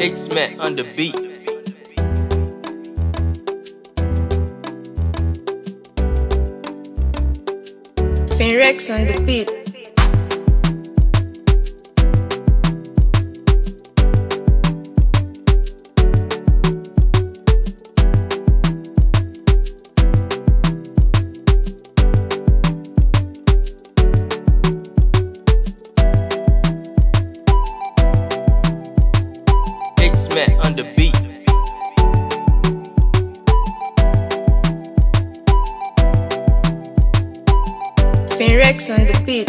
X Mac on the beat. Rex on the beat. Mac the beat. Finrex on the beat.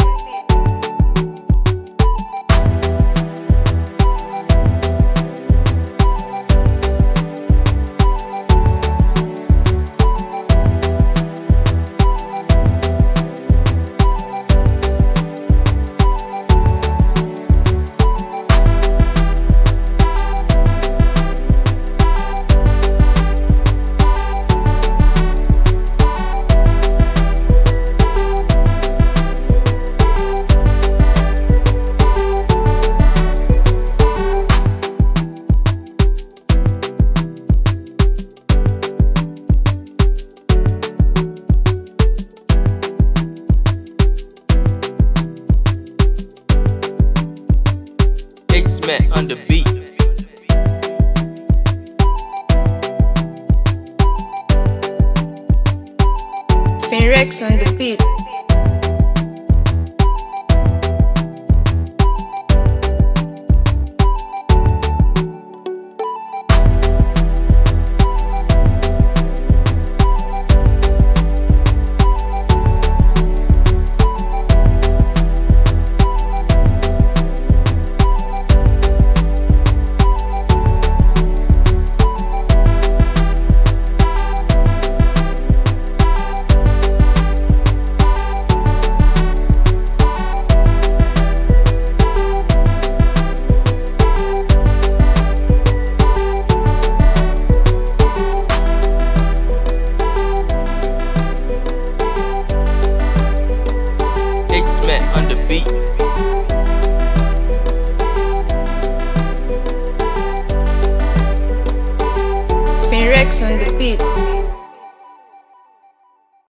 Mac the beat. Rex on the beat. under on the beat.